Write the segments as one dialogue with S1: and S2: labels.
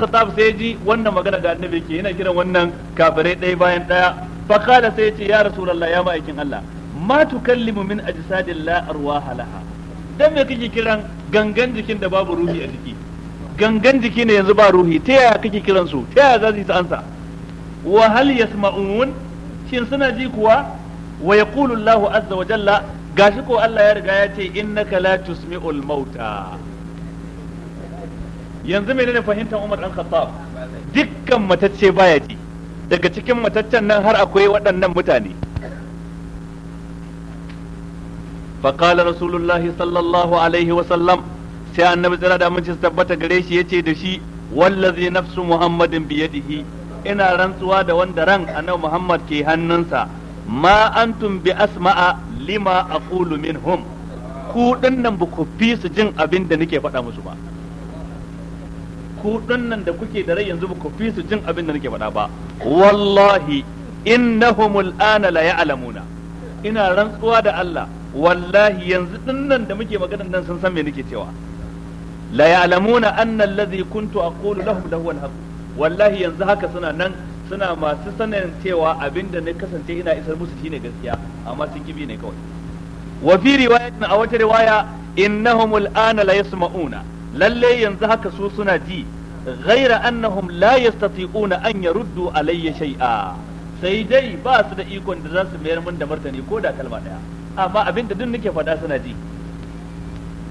S1: Khattab sai ya ji wannan magana da annabi yake yana kiran wannan kafirai ɗaya bayan ɗaya fa kala sai ya ce ya rasulullah ya ma'aikin Allah ma tukallimu min ajsadil la arwaha laha dan me kake kiran gangan jikin da babu ruhi a jiki gangan jiki ne yanzu ba ruhi ta yaya kake kiran su ta yaya za yi ta ansa wa hal yasma'un shin suna ji kuwa wa yaqulu Allahu azza wa jalla gashi ko Allah ya riga ya ce innaka la tusmi'ul mauta yanzu menene fahimtar Umar an Khattab dukkan matacce baya ji daga cikin mataccen nan har akwai waɗannan mutane فقال رسول الله صلى الله عليه وسلم sai annabi tsira da aminci su tabbata gare shi yace da shi wallazi nafsu muhammadin biyadihi ina rantsuwa da wanda ran annabi muhammad ke hannunsa ma antum bi asma'a lima aqulu minhum ku dinnan nan ku fi su jin abin da nake faɗa musu ba ku nan da kuke da rai yanzu ba ku fi su jin abin da nake faɗa ba wallahi innahumul ana la ya'lamuna ina rantsuwa da Allah wallahi yanzu nan da muke magana nan sun san me nake cewa la ya'lamuna anna allazi kuntu aqulu lahum lahu al wallahi yanzu haka suna nan suna masu sanin cewa abinda na kasance ina isar musu shine gaskiya amma sun kibi ne kawai wa fi riwayatin a wata riwaya innahum al ana la yasma'una lalle yanzu haka su suna ji ghaira annahum la yastati'una an yaruddu alayya shay'a sai dai ba su da ikon da za su mayar min da martani ko da kalma daya amma abin da duk nake faɗa suna ji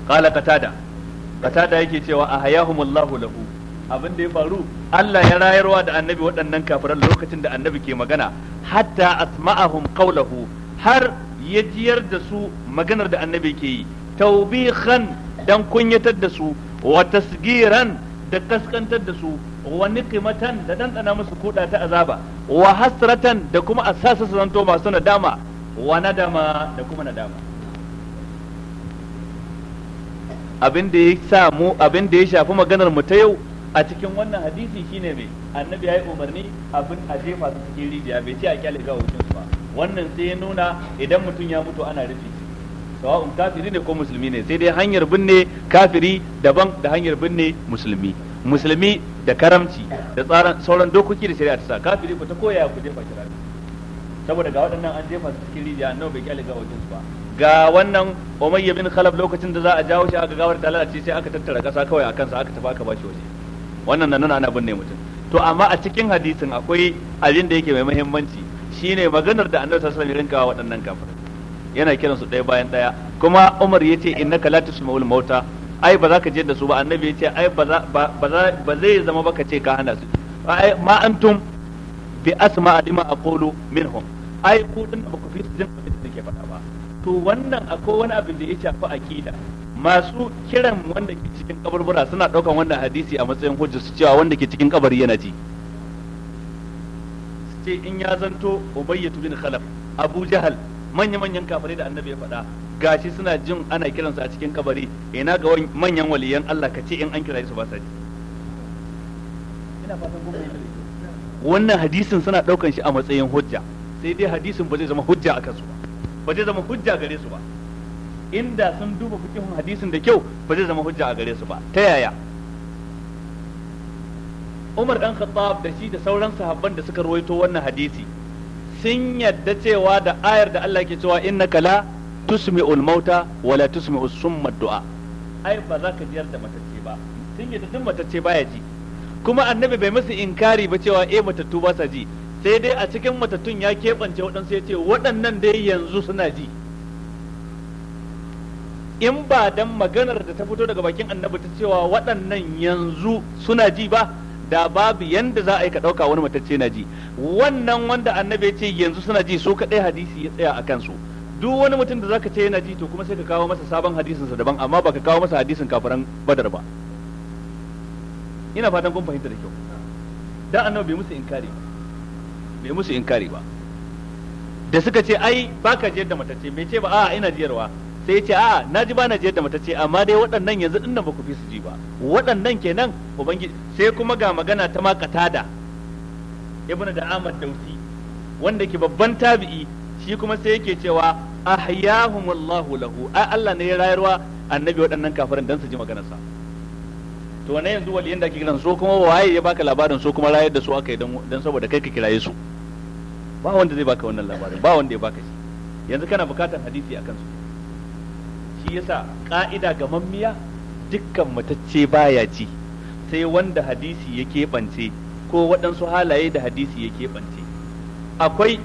S1: qala qatada qatada yake cewa ahayahumullahu lahu abin da ya faru Allah ya rayarwa da annabi waɗannan kafiran lokacin da annabi ke magana hatta asma'ahum qawlahu har ya jiyar da su maganar da annabi ke yi taubihan dan kunyatar da su wa tasgiran da kaskantar da su wa niqmatan da ɗanɗana musu kuda ta azaba wa hasratan da kuma asasa su zanto masu nadama wa nadama da kuma nadama abin da ya samu abin da ya shafi maganar mu ta yau a cikin wannan hadisi shine mai annabi ya yi umarni abin a jefa su cikin rijiya bai ce a kyale ga ba wannan sai ya nuna idan mutum ya mutu ana rufe sawa'un kafiri ne ko musulmi ne sai dai hanyar binne kafiri daban da hanyar binne musulmi musulmi da karamci da tsaron sauran dokoki da shari'a ta sa kafiri ko ta koya ku jefa shi saboda ga waɗannan an jefa su cikin rijiya annabi bai kyale ga wajen su ba ga wannan Umayya bin Khalaf lokacin da za a jawo shi aka gawar da lalace sai aka tattara kasa kawai a kansa aka tafi aka bashi waje wannan nan ana binne mutum to amma a cikin hadisin akwai abin da yake mai muhimmanci shine maganar da Annabi sallallahu alaihi wasallam ya rinka waɗannan kafirai yana kiransu ɗaya bayan ɗaya kuma Umar ya ce ka la maul mauta ai ba za ka je da su ba annabi ya ce ai ba zai zama ba ka ce ka hana su ai ma antum bi asma lima aqulu minhum ai ku din ba ku fi jin abin da nake faɗa ba to wannan akwai wani abin da ya shafi aqida masu kiran wanda ke cikin kaburbura suna ɗaukan wannan hadisi a matsayin hujja su cewa wanda ke cikin kabari yana ji su ce in ya zanto ubayyatu bin khalaf abu jahal manya-manyan kafirai da annabi ya faɗa gashi suna jin ana kiransu a cikin kabari ina ga manyan waliyan Allah ka ce in an kira su ba sa ji wannan hadisin suna daukan shi a matsayin hujja sai dai hadisin ba zai zama hujja a kansu ba ba zai zama hujja gare su ba inda sun duba fikihun hadisin da kyau ba zai zama hujja a gare su ba ta yaya Umar dan Khattab da shi da sauran sahabban da suka ruwaito wannan hadisi sun yadda cewa da ayar da Allah ke cewa inna kala tusmi'ul mauta wala tusmi'us summa du'a ai ba za ka jiyar da matacce ba sun yadda duk matacce baya ji kuma annabi bai musu inkari ba cewa eh matattu ba sa ji sai dai a cikin matattun ya keɓance waɗansu ya ce waɗannan dai yanzu suna ji in ba dan maganar da ta fito daga bakin annabi ta cewa waɗannan yanzu suna ji ba da babu yanda za a yi ka ɗauka wani matacce na ji wannan wanda annabi ya ce yanzu suna ji su kaɗai hadisi ya tsaya a kansu duk wani mutum da zaka ce yana ji to kuma sai ka kawo masa sabon hadisin sa daban amma baka kawo masa hadisin kafiran badar ba ina fatan kun fahimta da kyau dan annabi bai musu inkari ba bai musu inkari ba da suka ce ai baka jiyar da matacce Me ce ba a ina jiyarwa sai ya ce a na ji bana jiyar da mata ce amma dai waɗannan yanzu ɗin nan ba ku fi su ji ba waɗannan kenan ubangiji sai kuma ga magana ta ma katada ibnu da Ahmad Dausi wanda ke babban tabi'i shi kuma sai yake cewa ahyahumullahu lahu ai Allah ne ya rayarwa annabi waɗannan kafirin dan su ji sa. to wani yanzu wali yanda ake kiran so kuma waye ya baka labarin so kuma rayar da su aka yi dan saboda kai ka kiraye su ba wanda zai baka wannan labarin ba wanda ya baka shi yanzu kana bukatar hadisi akan su ya yasa ka'ida ga mammiya dukkan matacce baya ji sai wanda hadisi ya keɓance ko waɗansu halaye da hadisi ya keɓance akwai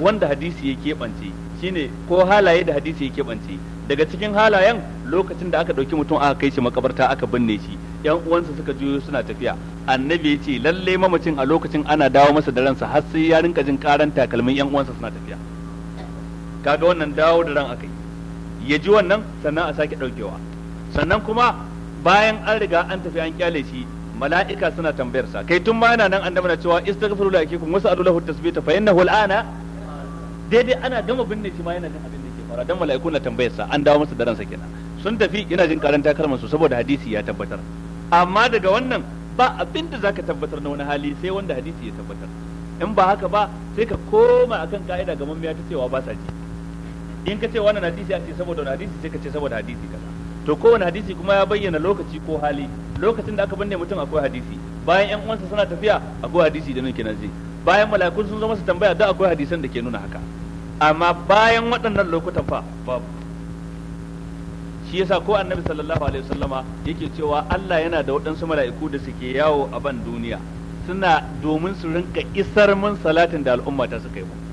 S1: wanda hadisi ya keɓance shine ko halaye da hadisi ya keɓance daga cikin halayen lokacin da aka ɗauki mutum aka kai shi makabarta aka binne shi yan uwansa suka juyo suna tafiya annabi ya ce lalle mamacin a lokacin ana dawo masa da ransa har sai ya rinka jin karanta takalmin yan uwansa suna tafiya kaga wannan dawo da ran akai ya ji wannan sannan a sake ɗaukewa sannan kuma bayan an riga an tafi an kyale shi mala'ika suna tambayar sa kai tun ma yana nan an na cewa istaghfiru li akikum was'alu lahu tasbita fa innahu al'ana daidai ana gama binne shi ma yana nan abin da ke fara dan mala'iku na tambayar sa an dawo masa da ransa kenan sun tafi yana jin karanta kalmar su saboda hadisi ya tabbatar amma daga wannan ba abin da zaka tabbatar na wani hali sai wanda hadisi ya tabbatar in ba haka ba sai ka koma akan ka'ida ga mammiya ta cewa ba sa ji in ka ce wannan hadisi a ce saboda wani hadisi sai ka ce saboda hadisi kaza to kowane hadisi kuma ya bayyana lokaci ko hali lokacin da aka binne mutum akwai hadisi bayan yan uwansa suna tafiya akwai hadisi da nake nazi bayan malakun sun zo masa tambaya da akwai hadisan da ke nuna haka amma bayan waɗannan lokutan fa babu shi yasa ko annabi sallallahu alaihi wasallama yake cewa Allah yana da waɗansu mala'iku da suke yawo a ban duniya suna domin su rinka isar mun salatin da al'umma ta suka yi mu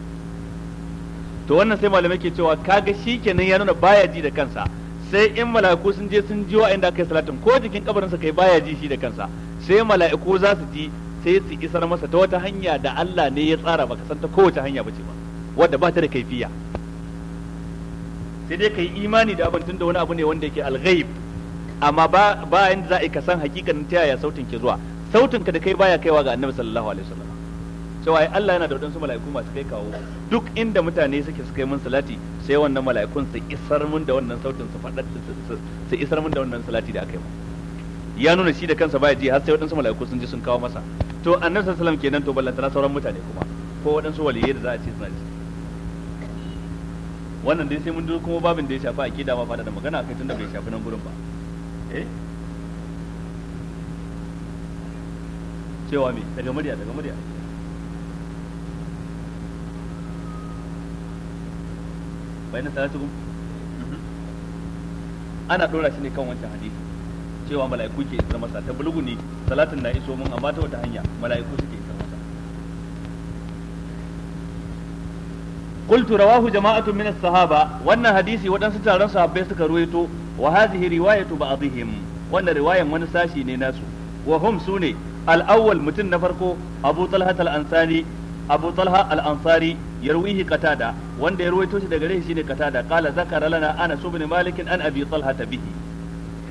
S1: to wannan sai malamai ke cewa kaga shi kenan ya nuna baya ji da kansa sai in mala'iku sun je sun ji inda aka yi salatin ko jikin kabarinsa kai baya ji shi da kansa sai mala'iku za su ji sai su isar masa ta wata hanya da Allah ne ya tsara baka san ta kowace hanya bace ba wanda ba ta da kaifiya sai dai kai imani da abin da wani abu ne wanda yake alghaib amma ba ba yanda za a yi ka san hakikanin ta yaya sautin ke zuwa sautin ka da kai baya kaiwa ga Annabi sallallahu alaihi wasallam cewa ai Allah yana da wadansu mala'iku masu kai kawo duk inda mutane suke su kai mun salati sai wannan mala'ikun su isar mun da wannan sautin su faɗa su isar mun da wannan salati da aka yi ya nuna shi da kansa baya ji har sai wadansu mala'iku sun ji sun kawo masa to annabi sallallahu alaihi wasallam kenan to ballantana sauran mutane kuma ko wadansu waliyai da za a ce suna ji wannan dai sai mun duk kuma babin da ya shafi akida ma fada da magana kai tunda bai shafi nan gurin ba eh cewa me daga murya daga murya bayan salatuhum ana dora shi ne kan wancan hadisi cewa mala'iku ke isar masa ta bulugu ne salatin na iso mun amma ta wata hanya mala'iku suke isar masa qultu rawahu jama'atu min as-sahaba wannan hadisi wadansu taron sahabbai suka ruwaito wa hadhihi riwayatu ba'dihim wannan riwayan wani sashi ne nasu wa hum sune al mutum na farko Abu Talha an ansari أبو طلحة الأنصاري يرويه قتادة وان يروي توشي توسي دقريه سيني قتادة قال ذكر لنا أنا سبن مالك أن أبي طلحة به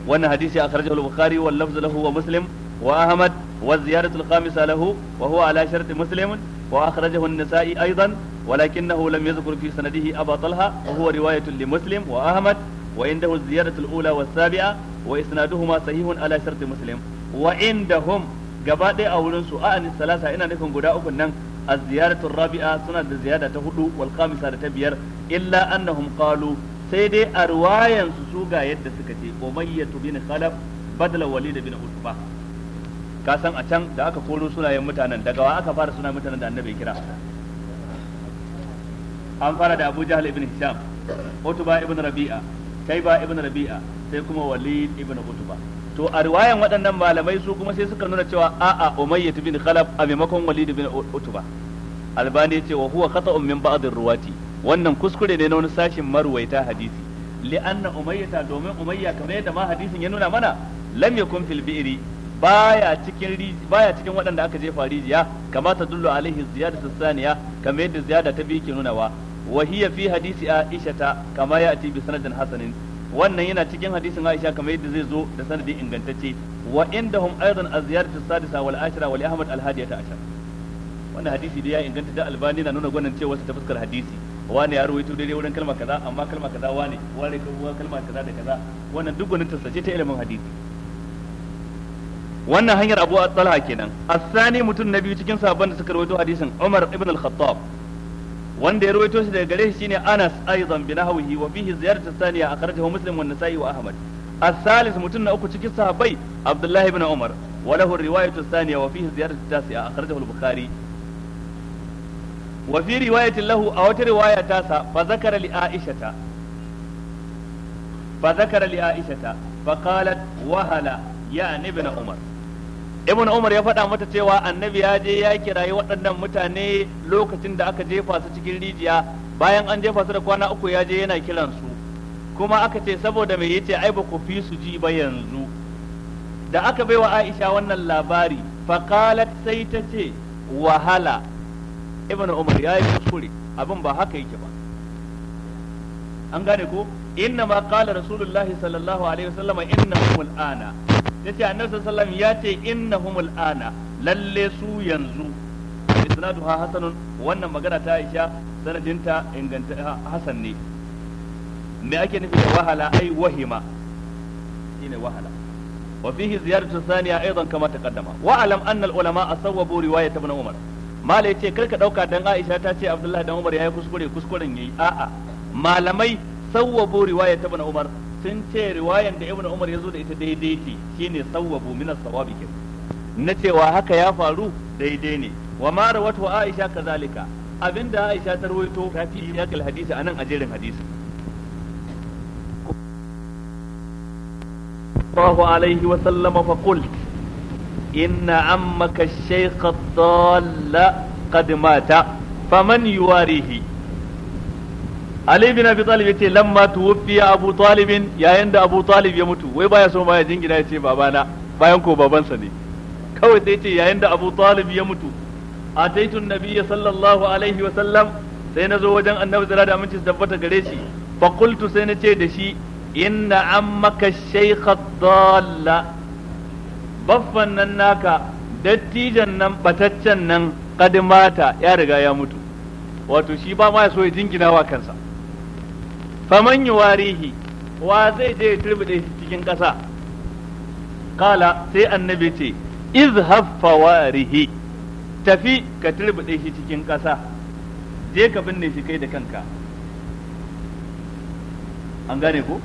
S1: وان حديث أخرجه البخاري واللفظ له هو مسلم وأحمد والزيارة الخامسة له وهو على شرط مسلم وأخرجه النسائي أيضا ولكنه لم يذكر في سنده أبا طلحة وهو رواية لمسلم وأحمد وعنده الزيارة الأولى والسابعة وإسنادهما صحيح على شرط مسلم وعندهم قبادة أولنسوا أن الثلاثة إن نكون قداؤكم نكون A ziyadatu rabi'a suna da ziyada ta hudu wal da ta biyar illa annahum qalu sai dai a ruwayan su su ga yadda suka ce umayyatu bin khalaf badala walid bin utba ka san a can da aka koro sunayen mutanen daga wa aka fara sunayen mutanen da annabi kira an fara da Abu ibin ibn Hisham Utba ibn Rabi'a Kaiba ibn Rabi'a sai kuma Walid ibn Utba to a riwayan waɗannan malamai su kuma sai suka nuna cewa a'a umayya bin khalaf a maimakon walid bin utba albani ce wa huwa khata'un min ba'd ruwati wannan kuskure ne na wani sashin maruwaita hadisi li'anna umayyata domin umayya kamar yadda ma hadisin ya nuna mana lam yakun fil bi'ri baya cikin baya cikin waɗanda aka jefa rijiya kama ta dullu alaihi ziyadatu saniya kamar yadda ziyada ta biyu ke nunawa wa hiya fi hadisi aisha ta kama ya ati bi sanadin hasanin wannan yana cikin hadisin Aisha kamar yadda zai zo da sanadi ingantacce wa indahum aidan az-ziyaratu as-sadisa wal ashra wal Ahmad al-hadiyata ashar wannan hadisi da ya inganta da Albani na nuna gwanin cewa ta fuskar hadisi wani ya rawaito daidai wurin kalma kaza amma kalma kaza wani wani kuma kalma kaza da kaza wannan duk wani tasace ta ilimin hadisi wannan hanyar Abu Talha kenan as-sani mutum na biyu cikin sahabban da suka rawaito hadisin Umar ibn al-Khattab wanda ya rawaito shi daga gare shi shine Anas aidan bi nahwihi wa fihi ziyaratu thaniya akhrajahu Muslim wa Nasa'i wa Ahmad الثالث متن أكو تشكي صحابي عبد الله بن عمر وله الرواية الثانية وفيه زيارة التاسعة أخرجه البخاري وفي رواية له أو رواية تاسعة فذكر لعائشة فذكر لعائشة فقالت وهلا يعني ابن عمر ibn umar ya faɗa mata cewa annabi ya je ya kirayi waɗannan mutane lokacin da aka jefa su cikin rijiya bayan an jefa su da kwana uku ya je yana kiran su kuma aka ce saboda mai yace ai ba ku fi su ji ba yanzu da aka baiwa Aisha wannan labari faqalat sai ta ce wahala ibn umar ya yi kuskure abin ba haka yake ba an gane ko inna ma qala rasulullahi sallallahu alaihi wasallama inna humul ana yace annabi sallallahu alaihi ya ce innahumul ana lalle su yanzu isnaduha hasanun wannan magana ta Aisha sanadinta inganta hasan ne me ake nufi da wahala ai wahima shine wahala wa fihi ziyaratu thaniya aidan kama taqaddama wa alam anna ulama asawabu riwayat ibn umar mala yace karka dauka dan Aisha ta ce Abdullahi dan Umar yayi kuskure kuskuren yayi a'a malamai sawabu riwayat ibn umar sun ce riwayan da ibnu umar ya zo da ita daidai ce shine sawabu min as-sawabi ke na cewa haka ya faru daidai ne wa ma rawatu aisha kazalika abinda aisha ta rawaito ta fi yakal hadisi anan ajerin hadisi الله عليه وسلم فقلت إن عمك الشيخ الضال قد مات فمن يواريه Ali bin Abi Talib yace lamma tuwfiya Abu Talib yayin da Abu Talib ya mutu wai baya so baya jingina yace babana bayan ko babansa ne kawai sai yace yayin da Abu Talib ya mutu ataitu nabiyya sallallahu alaihi wa sallam sai nazo wajen Annabi zira da aminci tabbata gare shi fa qultu sai nace da shi inna ammaka shaykh dalla baffan nan naka dattijan nan bataccen nan kadimata ya riga ya mutu wato shi ba ma ya so ya jingina wa kansa faman yuwarihi wa zai je ya turbide shi cikin ƙasa kala sai annabi ce izhab fawarihi tafi ka turbide shi cikin ƙasa je ka binne shi kai da kanka an gane ko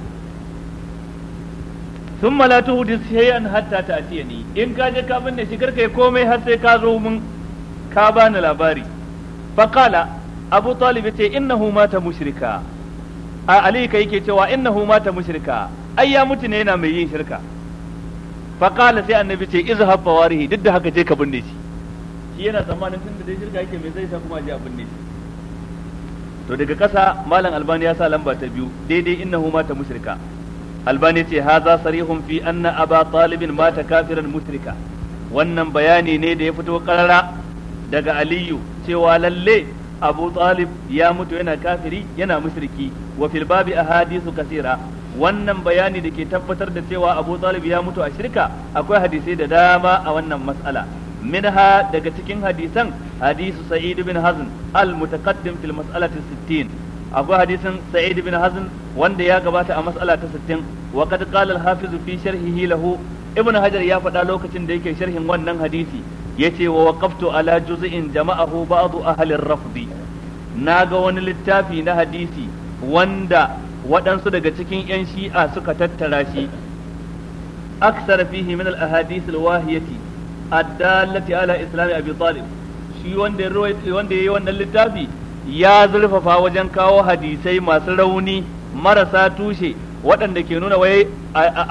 S1: sun malatu hudu sai an hatta ta atiya ni in ka je ka binne shi karka yi komai har sai ka zo mun ka bani labari faqala abu talib ce innahu mata mushrika a ali kai yake cewa innahu mata mushrika ai ya mutu ne yana mai yin shirka fa qala sai annabi ce izhab fawarihi duk da haka je ka binne shi shi yana tsammanin tunda dai shirka yake mai zai sa kuma je a binne shi to daga ƙasa malam albani ya sa lamba ta biyu daidai innahu mata mushrika albani ce haza sarihun fi anna aba talibin mata kafiran mushrika wannan bayani ne da ya fito karara daga aliyu cewa lalle abu talib ya mutu yana kafiri yana mushriki wa fil babi ahadithu kasira wannan bayani da ke tabbatar da cewa abu talib ya mutu a shirka akwai hadisai da dama a wannan mas'ala minha daga cikin hadisan hadisu sa'id bin hazn al mutaqaddim fil mas'alati 60 akwai hadisin sa'id bin hazn wanda ya gabata a mas'ala ta 60 wa qad qala al hafiz fi sharhihi lahu ibn hajar ya faɗa lokacin da yake sharhin wannan hadisi yace wa waqaftu ala juz'in jama'ahu ba'd ahli ar-rafd naga wani littafi na hadisi wanda waɗansu daga cikin 'yan shi'a suka tattara shi aksara fihi min al-ahadith al-wahiyati ad-dallati ala islam abi talib shi wanda ya wanda yayi wannan littafi ya zurfafa wajen kawo hadisai masu rauni marasa tushe waɗanda ke nuna wai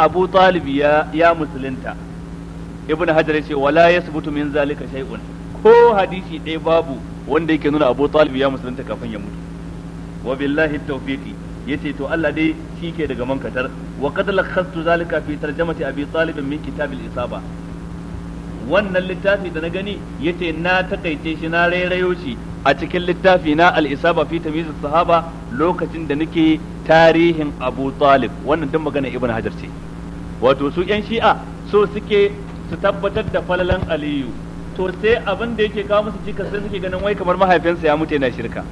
S1: abu talib ya musulunta ibn hajar ya ce wala yasbutu min zalika shay'un ko hadisi ɗaya babu wanda yake nuna abu talib ya musulunta kafin ya mutu wa billahi tawfiqi yace to Allah dai shike daga mankatar wa qad lakhastu zalika fi tarjamati abi talib min kitab al-isaba wannan littafi da na gani yace na takaice shi na rairayo shi a cikin littafi na al-isaba fi tamyiz sahaba lokacin da nake tarihin Abu Talib wannan dan magana Ibn Hajar ce wato su yan shi'a so suke su tabbatar da falalan aliyu to sai abin da yake kawo musu cika sai suke ganin wai kamar mahaifinsa ya mutu yana shirka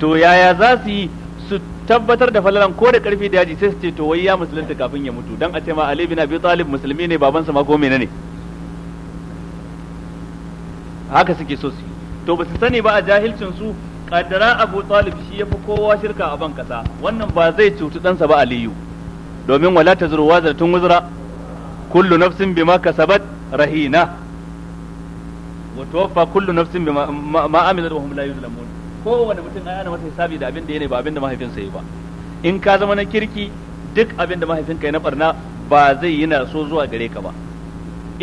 S1: to yaya za su yi su tabbatar da falalan ko da karfi da yaji sai su ce to wai ya musulunta kafin ya mutu dan a ce ma Ali bin Abi Talib musulmi ne babansa ma ko menene haka suke so su to ba su sani ba a jahilcin su kaddara Abu Talib shi yafi kowa shirka a ban kasa wannan ba zai cutu ɗansa ba Aliyu domin wala tazru wazratun wuzra kullu nafsin bima kasabat rahina wa tuwaffa kullu nafsin bima ma amilat wa hum la yuzlamun kowane mutum ai yana masa hisabi da abin da yake ba abin da mahaifinsa yi ba in ka zama na kirki duk abin da mahaifinka ya na barna ba zai yi na so zuwa gare ka ba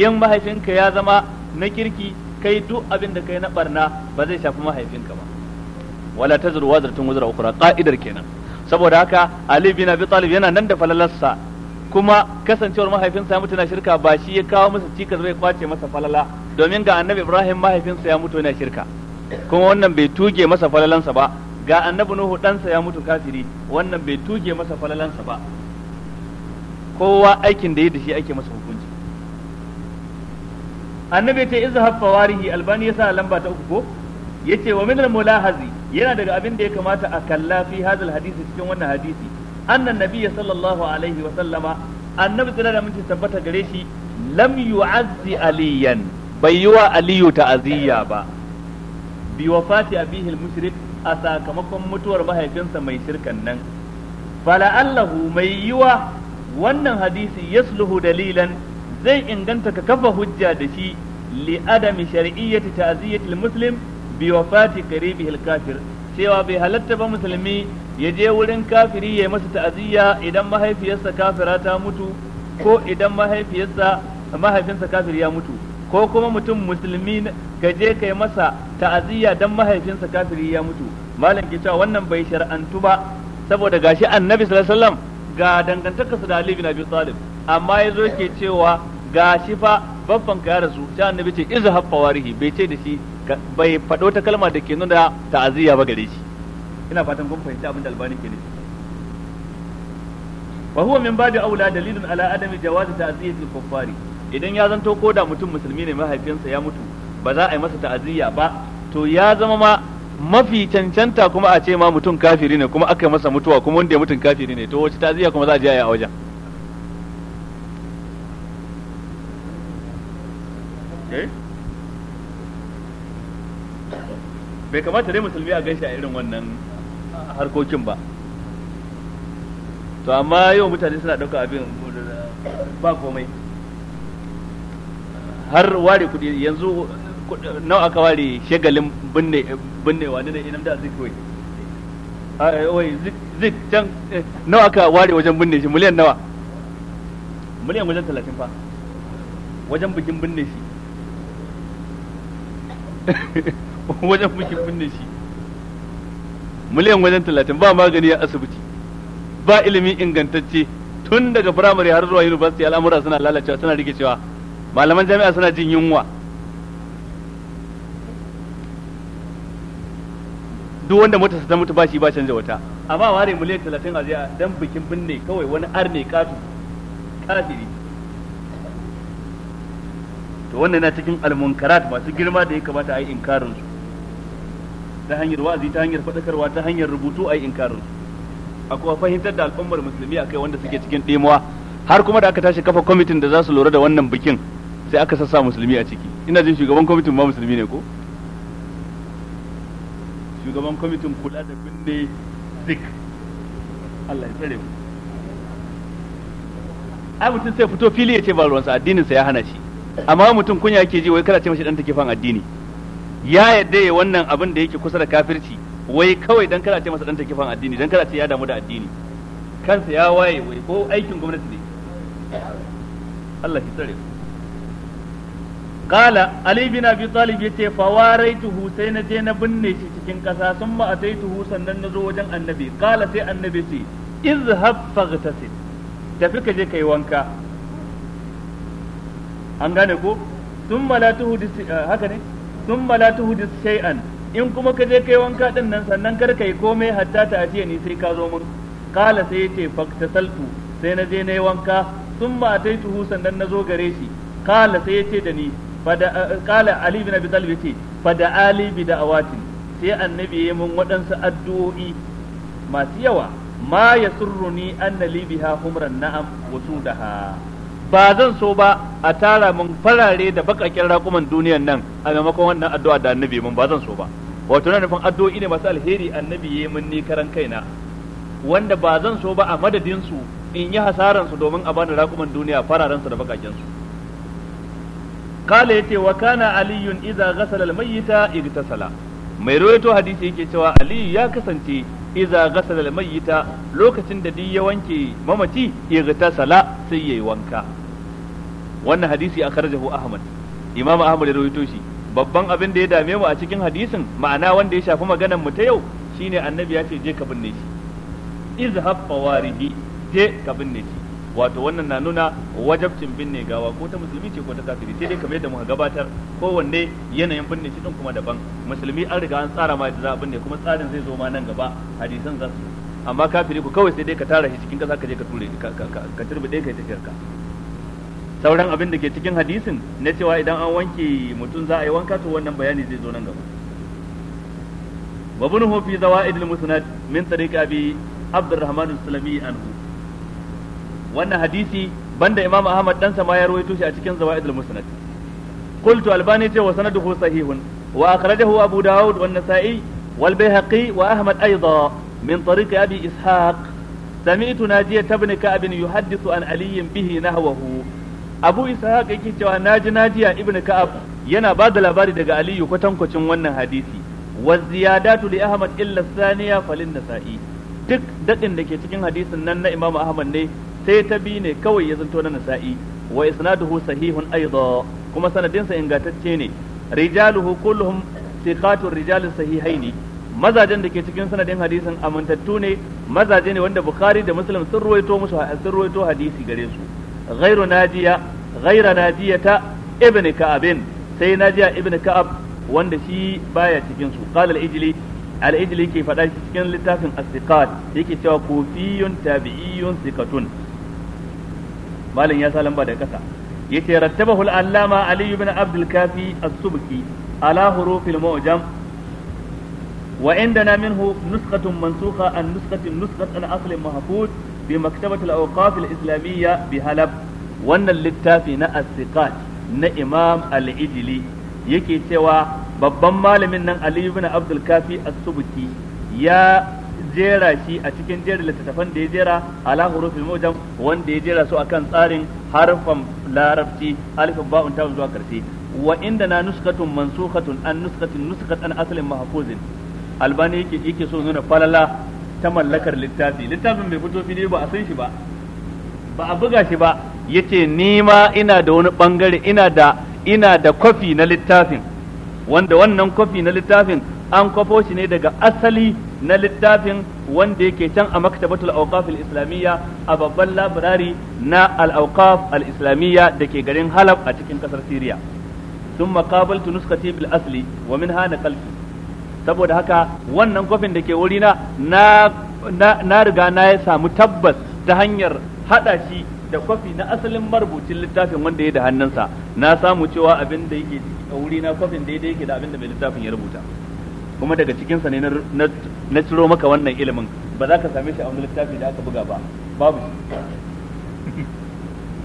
S1: in mahaifinka ya zama na kirki kai duk abin da kai na barna ba zai shafi mahaifinka ba wala tazru wazratun wazra ukhra qa'idar kenan saboda haka ali bin abi talib yana nan da falalarsa kuma kasancewar mahaifinsa ya mutu na shirka ba shi ya kawo masa cikas bai kwace masa falala domin ga annabi ibrahim mahaifinsa ya mutu na shirka kuma wannan bai tuge masa falalansa ba ga annabi nuhu ɗansa ya mutu kafiri wannan bai tuge masa falalansa ba kowa aikin da ya da shi ake masa hukunci annabi ce izhab fawarihi albani ya sa lamba ta uku ko yace wa min mulahazi yana daga abin da ya kamata a kalla fi hadal hadisi cikin wannan hadisi annan nabiyya sallallahu alaihi wa sallama annabi sallallahu alaihi wa tabbata gare shi lam yu'azzi aliyan bai yi wa aliyu ta'aziyya ba bi wafati abihi al-mushrik a sakamakon mutuwar mahaifinsa mai shirkan nan fala'allahu mai yiwa wannan hadisi yasluhu dalilan zai inganta ka kafa hujja da shi li adami shar'iyyati ta'ziyatil muslim bi wafati qaribihi al-kafir cewa bai halatta ba musulmi ya je wurin kafiri ya masa ta'aziyya idan mahaifiyarsa kafira ta mutu ko idan mahaifiyarsa mahaifinsa kafiri ya mutu ko kuma mutum musulmi ka je kai masa ta'aziyya dan mahaifinsa kafiri ya mutu malam ke cewa wannan bai shar'antu ba saboda gashi annabi sallallahu alaihi wasallam ga dangantakarsa da Ali bin Abi Talib amma yazo ke cewa gashi fa babban ka ya rasu sai annabi ce izhab fawarihi bai ce da shi bai faɗo ta kalma da ke nuna ta'aziyya ba gare shi ina fatan kun fahimci abin da albani ke nufi wa huwa min babi aula dalilun ala adami jawazi ta'ziyati al-kuffari idan ya zanto ko da mutum musulmi ne mahaifinsa ya mutu ba za a yi masa ta'aziyya ba to ya zama ma mafi cancanta kuma a ce ma mutum kafiri ne kuma aka masa mutuwa kuma wanda ya mutum kafiri ne to wace ta'aziyya kuma za a je a wajen eh? bai kamata dai musulmi a gaishe a irin wannan harkokin ba to amma yau mutane suna ɗauka abin ba komai har ware kuɗi yanzu nawa aka ware shagalin binne binne wani ne inam da zik wai wai zik can eh, nawa aka ware wajen binne shi miliyan nawa miliyan wajen talatin fa wajen bikin binne shi wajen bikin binne shi miliyan wajen talatin ba magani a asibiti ba ilimi ingantacce tun daga firamare har zuwa university al'amura suna lalacewa suna cewa malaman jami'a suna jin yunwa duk wanda mota ta mutu bashi ba canza wata amma ware miliyan talatin a jiya dan bikin binne kawai wani ne katu kafiri to wannan na cikin almunkarat masu girma da ya kamata a yi inkarin ta hanyar wa'azi ta hanyar faɗakarwa ta hanyar rubutu a yi inkarin akwai fahimtar da al'ummar musulmi akai wanda suke cikin ɗimuwa har kuma da aka tashi kafa kwamitin da za su lura da wannan bikin sai aka sassa musulmi a ciki ina jin shugaban kwamitin ma musulmi ne ko shugaban kwamitin kula da binne zik Allah ya tsare mu ai mutum sai fito fili ya ce ba ruwansa addinin sa ya hana shi amma mutum kunya yake ji wai kada ce mashi dan take fan addini ya yadda ya wannan abin da yake kusa da kafirci wai kawai dan kada ce masa dan takifan addini dan kada ce ya damu da addini kansa ya waye wai ko aikin gwamnati ne Allah ki tsare qala ali bin abi talib yace fawaraitu sai na je na binne shi cikin kasa sun ma ataitu sannan nazo wajen annabi qala sai annabi ce ta faghtasil tafi ka je kai wanka an gane ko thumma la tuhdis haka ne thumma hujjus sai shay'an in kuma ka je kai wanka din nan sannan kar kai komai hatta ta ajiye ni sai ka zo mun kala sai ya yace faktasaltu sai na je na yi wanka sun taitu tuhu sannan na zo gare shi kala sai ya ce da ni fada qala ali ibn abi talib yace fada ali bi da'awatin sai annabi ya mun waɗansu addu'o'i masu yawa ma yasurruni anna li biha humran na'am wa sudaha ba zan so ba a tara mun farare da bakakken rakuman duniyan nan a maimakon wannan addu'a da annabi mun ba zan so ba wato na nufin addu'o'i ne masu alheri annabi yayi mun ni karan kaina wanda ba zan so ba a madadin su in yi hasaran su domin a bani rakuman duniya fararen su da bakakken su kale yace wa kana aliyun idza ghasala almayyita igtasala mai rawaito hadisi yake cewa aliyu ya kasance iza ghasala almayyita lokacin da duk ya wanke mamaci igtasala sai yayi wanka wannan hadisi akhrajahu ahmad imam ahmad ya rawaito shi babban abin da ya dame mu a cikin hadisin ma'ana wanda ya shafi maganar mu ta yau shine annabi ya ce je ka binne shi izhab fawarihi je ka binne shi wato wannan na nuna wajabcin binne gawa ko ta musulmi ce ko ta kafiri sai dai kamar yadda muka gabatar kowanne yanayin binne shi din kuma daban musulmi an riga an tsara ma yadda za a binne kuma tsarin zai zo ma nan gaba hadisan za su amma kafiri ku kawai sai dai ka tara shi cikin kasa ka je ka ture ka turbe dai kai tafiyar ka sauran abin da ke cikin hadisin na cewa idan an wanke mutum za a yi wanka to wannan bayani zai zo nan gaba وابنه في زوائد المسند من طريق ابي عبد الرحمن السلمي عنه wannan hadisi banda imam ahmad dan sama ya rawaito shi a cikin zawaidul musnad qultu albani ce wa sanaduhu sahihun wa akhrajahu abu daud wan nasa'i wal bayhaqi wa ahmad ayda min tariq abi ishaq sami'tu najiya ibn abin yuhaddithu an ali bihi nahwahu abu Isa haka yake cewa na naji najiya ibnu ka'ab yana ba da labari daga aliyu kwatankwacin wannan hadisi wa ziyadatu li ahmad illa thaniya falin nasa'i duk dadin da ke cikin hadisin nan na Imam ahmad ne sai ta bi ne kawai ya zanto na nasa'i wa isnaduhu sahihun aidha kuma sanadinsa ingantacce ne rijaluhu kulluhum thiqatu rijal sahihaini mazajen da ke cikin sanadin hadisin amintattu ne mazaje ne wanda bukhari da muslim sun ruwaito musu sun ruwaito hadisi gare su ghairu najiya غير نادية ابن كعب سيناجي ابن كعب وندشي باية جنسو قال الإجلي على إجلي كيف دايش كن لتاكن الثقات يكي كوفي تابعي ثقة مالين يا سالم بعد كسا يترتبه العلامة علي بن عبد الكافي السبكي على حروف المعجم وعندنا منه نسخة منسوخة عن نسخة نسخة عن أصل محفوظ في الأوقاف الإسلامية بهلب wannan littafi na Asika na imam al-ijli yake cewa babban malamin nan ali ibn abdul kafi as-subki ya jera shi a cikin jerin littattafan da ya jera ala hurufil mujam wanda ya jera su akan tsarin harfan larabci alifin ba'un ta zuwa karshe wa inda na nuskatun mansukhatun an nuskatin nuskat asalin mahfuzin albani yake yake so nuna falala ta mallakar littafi littafin bai fito fili ba a san shi ba ba a buga shi ba yace ni ma ina da wani bangare ina da ina da kwafi na littafin wanda wannan kwafi na littafin an kwafo shi ne daga asali na littafin wanda yake can a maktabatul awqaf al-islamiyya a babban labirari na al-awqaf al-islamiyya dake garin Halab a cikin kasar Syria sun qabaltu nuskati bil asli wa minha naqaltu saboda haka wannan kwafin da ke wurina na na riga na ya samu tabbas ta hanyar haɗa shi da kwafi na asalin marubucin littafin wanda ya da hannunsa na samu cewa abin da yake a wuri na kwafin daidai yake da abin da mai littafin ya rubuta kuma daga cikinsa ne na ciro maka wannan ilimin ba za ka same shi a wani littafi da aka buga ba babu shi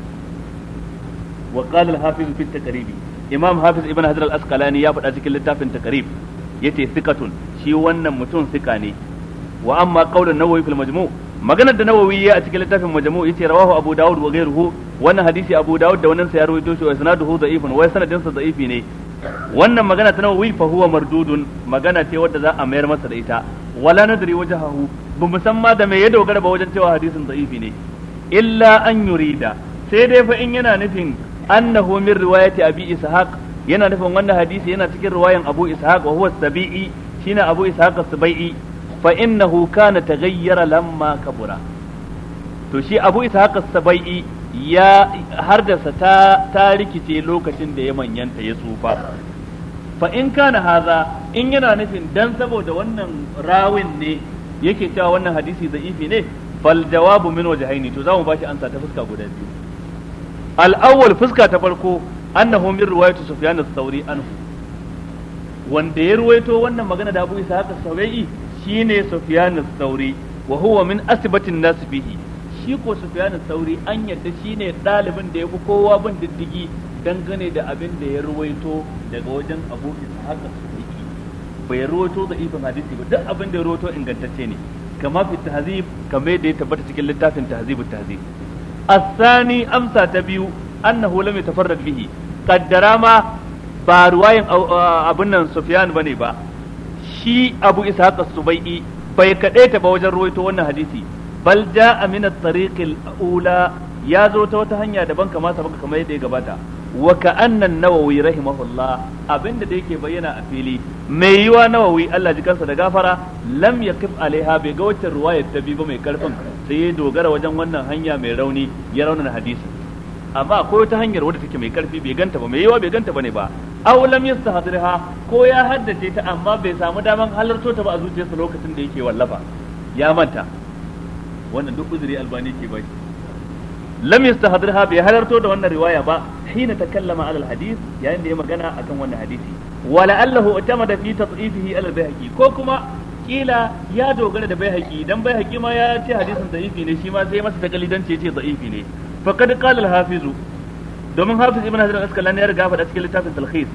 S1: wa qala al-hafiz fi at-taqrib imam hafiz ibn hajar al-asqalani ya faɗa cikin littafin taqrib yace thiqatun shi wannan mutum sika ne wa amma qawlan nawawi fil majmu' maganar da nawawi ya a cikin littafin majmu yace rawahu abu Dawud wa ghayruhu wannan hadisi abu daud da wannan sai ya rawaito shi wa sanaduhu da'ifun wa sanadin sa da'ifi ne wannan magana ta nawawi fa huwa mardudun magana ce wadda za a mayar masa da ita wala nadri wajhahu bu musamma da me ya dogara ba wajen cewa hadisin da'ifi ne illa an yurida sai dai fa in yana nufin annahu min riwayati abi ishaq yana nufin wannan hadisi yana cikin riwayan abu ishaq wa huwa sabi'i shine abu ishaq as-sabi'i fa innahu kana taghayyara lamma kabura to shi abu ishaq haka sabai ya hardasa ta ta rikice lokacin da ya manyanta ya tsufa fa in kana haza in yana nufin dan saboda wannan rawin ne yake cewa wannan hadisi za'ifi ne fal jawabu min wajhaini to zamu bashi ansa ta fuska guda biyu al awwal fuska ta farko annahu min riwayati sufyan ath-thawri anhu wanda ya ruwaito wannan magana da Abu Isa haka sabai Shi ne Sufiyanus sauri wa huwa min asbatin nas bihi shi ko Sufiyanus sauri an yadda ne dalibin da fi kowa bin diddigi dangane da abin da ya ruwaito daga wajen Abu Ishaq as-Siddiqi bai ruwaito da ifin hadisi ba duk abin da ya ruwaito ingantacce ne kama fi tahzib kamar da ya tabbata cikin littafin tahzib tahzib الثاني أمسى تبيو أنه لم يتفرد به قدر ما ba ruwayin uh, abin nan Sufyan bane ba shi abu Isa haka subaii bai kaɗai ta ba wajen ruwaito wannan hadisi bal ja min tariqil ula ya zo ta wata hanya daban kama ta baka kamar yadda ya gabata wa ka'anna an-nawawi rahimahullah abinda da yake bayyana a fili mai yiwa nawawi Allah ji kansa da gafara lam yaqif alaiha bai ga wacce ruwa ta bi ba mai karfin sai ya dogara wajen wannan hanya mai rauni ya raunana hadisi amma akwai wata hanyar wadda take mai karfi bai ganta ba mai yiwa bai ganta bane ba aw lam yastahdirha ko ya haddace ta amma bai samu daman halarto ta ba a zuciyarsa lokacin da yake wallafa ya manta wannan duk uzuri albani ke bai lam yastahdirha bai halarto da wannan riwaya ba hina takallama alal hadith yayin da ya magana akan wannan hadisi wala allahu utamada fi tad'ifihi alal bayhaqi ko kuma kila ya dogara da bayhaqi dan bayhaqi ma ya ce hadisin da'ifi ne shi ma sai masa takalidan ce ce da'ifi ne faqad qala al-hafizu domin hafiz ibn hajar askalani ya riga faɗa cikin littafin talhis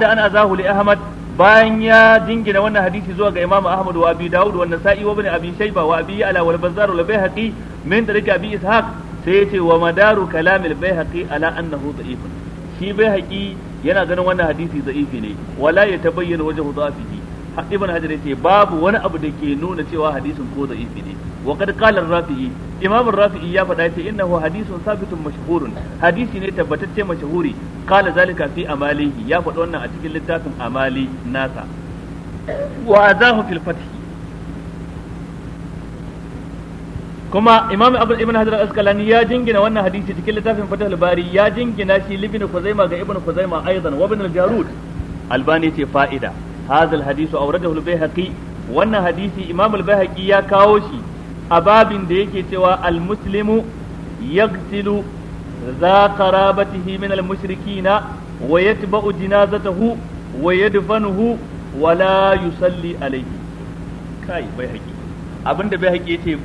S1: da an azahu li ahmad bayan ya jingina wannan hadisi zuwa ga imamu ahmad wa abi daud wa sai wa ibn abi shayba wa abi ala wal bazzar wal bayhaqi min tariqi abi ishaq sai yace wa madaru kalamil al bayhaqi ala annahu da'ifun shi bayhaqi yana ganin wannan hadisi da'ifi ne wala ya tabayyana wajhu da'ifihi ibn hajar yace babu wani abu da ke nuna cewa hadisin ko da'ifi ne wa qad qala rafi'i imam rafi'i ya faɗa yace innahu hadisun sabitun mashhurun hadisi ne tabbatacce mashhuri qala zalika fi amalihi ya faɗa wannan a cikin littafin amali nasa wa azahu fil fath kuma imam ibn hajar askalani ya jingina wannan hadisi cikin littafin fathul bari ya jingina shi libin khuzaima ga ibn khuzaima aidan wa ibn al-jarud albani ce fa'ida hadha alhadith awradahu al wannan hadisi imam al-bayhaqi ya kawo shi a da yake cewa al-muslimu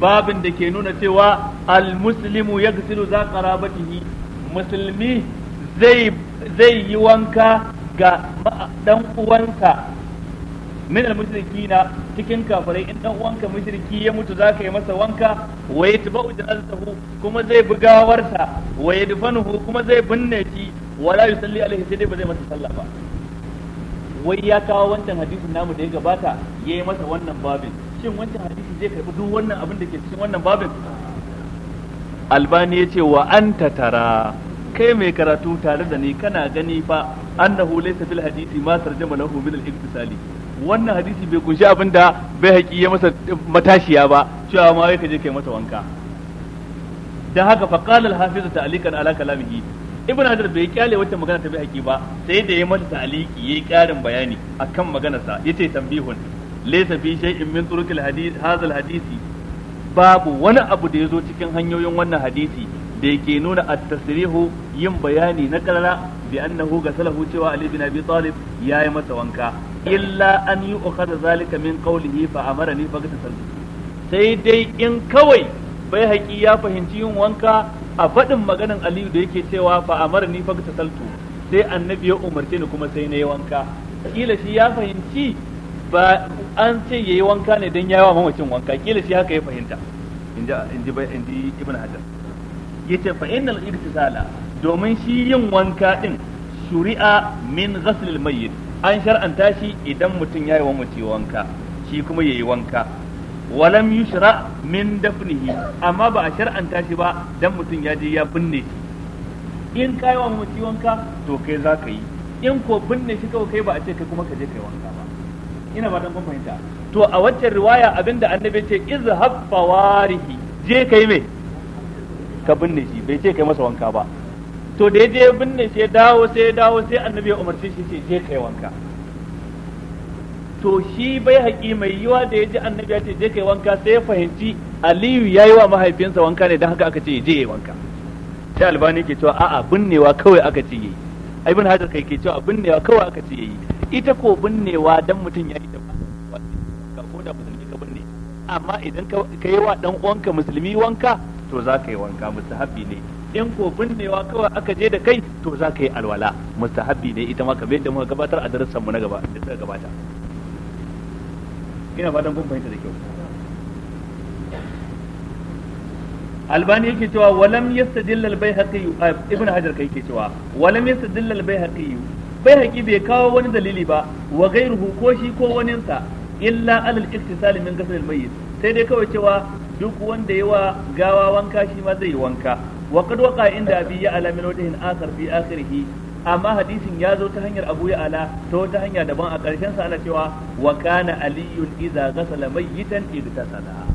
S1: babin da ke nuna cewa al-muslimu yaghsilu za qarabatihi musulmi zai yi wanka ga dan uwanka. min al-mushrikina cikin kafirai in dan uwanka mushriki ya mutu zaka yi masa wanka wa yatba'u janazatahu kuma zai bi gawarsa wa yadfanuhu kuma zai binne shi wala yusalli alaihi sai dai ba zai masa sallah ba wai ya kawo wancan hadisin namu da ya gabata ya yi masa wannan babin shin wancan hadisi zai karbi duk wannan abin da ke cikin wannan babin albani ya ce wa anta tara kai mai karatu tare da ni kana gani fa annahu laysa fil hadisi ma tarjama lahu min al-iktisali wannan hadisi bai kunshi abin da bai haƙi ya masa matashiya ba cewa ma wai kaje kai masa wanka dan haka fa qala al hafiz ta'liqan ala kalamihi ibn hajar bai kyale wata magana ta bai haƙi ba sai da ya mata ta'liqi yayi ƙarin bayani akan maganarsa yace tambihun laysa fi shay'in min turuqil hadith hadha al hadisi babu wani abu da yazo cikin hanyoyin wannan hadisi da yake nuna at-tasrihu yin bayani na karara bi annahu gasalahu cewa ali bin abi talib yayi masa wanka illa an yi ukhadha zalika min qawlihi fa amarani fa ghtasal sai dai in kawai bai haƙi ya fahimci yin wanka a faɗin maganan Aliyu da yake cewa fa amarani fa ghtasaltu sai annabi ya umarce ni kuma sai na yi wanka kila shi ya fahimci ba an ce yayi wanka ne dan yawa mamacin wanka kila shi haka ya fahimta inji inji inji ibn hajar yace fa innal irtisala domin shi yin wanka din shuri'a min ghaslil mayyit an shar'anta shi idan mutum ya yi wa mace wanka shi kuma ya yi wanka walam yushra min dafnihi amma ba a shar'anta shi ba dan mutum ya je ya binne shi in ka yi wa mace wanka to kai za ka yi in ko binne shi kawai kai ba a ce kai kuma ka je kai wanka ba ina ba dan fahimta to a waccan riwaya abinda annabi ce izhab fawarihi je kai me ka binne shi bai ce kai masa wanka ba to da je binne shi dawo sai dawo sai annabi ya umarci shi ce je kai wanka to shi bai haƙi mai yiwa da ya ji annabi ya ce je kai wanka sai ya fahimci aliyu ya yi wa mahaifinsa wanka ne don haka aka ce je wanka sai albani ke cewa a'a binnewa kawai aka ce yayi bin hajar kai ke cewa binnewa kawai aka ce yayi ita ko binnewa dan mutum yayi da ka ko da musulmi ka binne amma idan ka yi wa dan uwanka musulmi wanka to za ka yi wanka musahabi ne in ko binnewa kawai aka je da kai to za ka yi alwala mustahabbi ne ita ma kamar yadda muka gabatar a darasan mu na gaba da suka gabata ina fatan kun fahimta da kyau albani yake cewa walam yastadilla albayhaqi ibn hajar kai yake cewa walam yastadilla albayhaqi bayhaqi bai kawo wani dalili ba wa ghairuhu ko shi ko waninsa illa alal iktisal min ghasl almayyit sai dai kawai cewa duk wanda yawa gawa wanka shi ma zai yi wanka wa qad waqa inda biyu ya ala min wajhin akhar fi amma hadisin ya zo ta hanyar Abu ya ala ta wata hanya daban a ƙarshen sa ana cewa wa kana aliyun idza ghasala mayyitan igtasala